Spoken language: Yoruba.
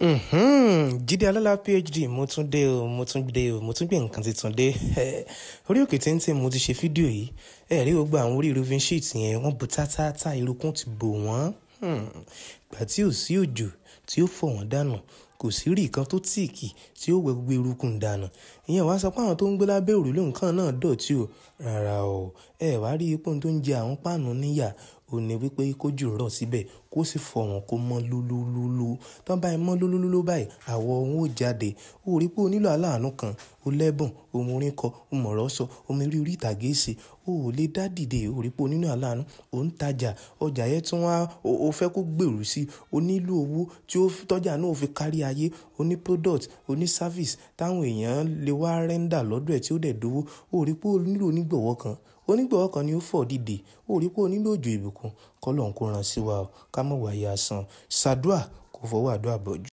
Mm-hmm. jíde alọ́lá phd mo tún dé o mo tún dé o mo tún gbé nǹkan tuntun dé orí òkè téńté mo ti ṣe fídíò yìí ẹ rí gbogbo àwọn orí irúfin sheet yẹn wọ́n bu tátátá irukun ti bò wọ́n hmm. gbà tí ò sí òjò tí ó fọ̀ wọ́n dànù kò sí rí nǹkan tó tíìkì tí ó wẹ gbogbo irukun dànù ìyẹn wàá sọ pé àwọn tó ń gbé lábẹ́ òrùlé nǹkan náà dọ̀tí o rárá o ẹ wàá rí ipò tó ń jẹ àwọn páànù níyà ò ní wípé kójú rọ̀ síbẹ̀ kó sì fọ̀ wọ́n kó mọ́ lólólóló tán báyìí mọ́ lólólóló báyìí àwọ̀ òun ò jáde ó rí pé o nílò aláàánú kan o lẹ́bùn ohun orin kọ o mọ̀rọ̀ sọ omi rí orí ìtàgé ṣe o ò lè dá dìde o rí pé o nílò aláàánú o ń tajà ọjà yẹn tún wá o fẹ́ kó gbèrú sí o owó tí ó tọ́jà náà fi kárí ayé o product o service táwọn èèyàn lè wá rẹ́ńdà lọ́dọ̀ ẹ̀ tí ó dẹ̀ dówó o rí pé o onígbọ̀wọ́ kan onígbọ̀wọ́ kan ni ó fọ̀ dìde ó rí pé ó nílò òjò ìbùkún kọ́lọ́hún kó rán sí wa ká mọ̀ wáyé asán ṣàdúà kò fọwọ́ àdúà bọ̀jú.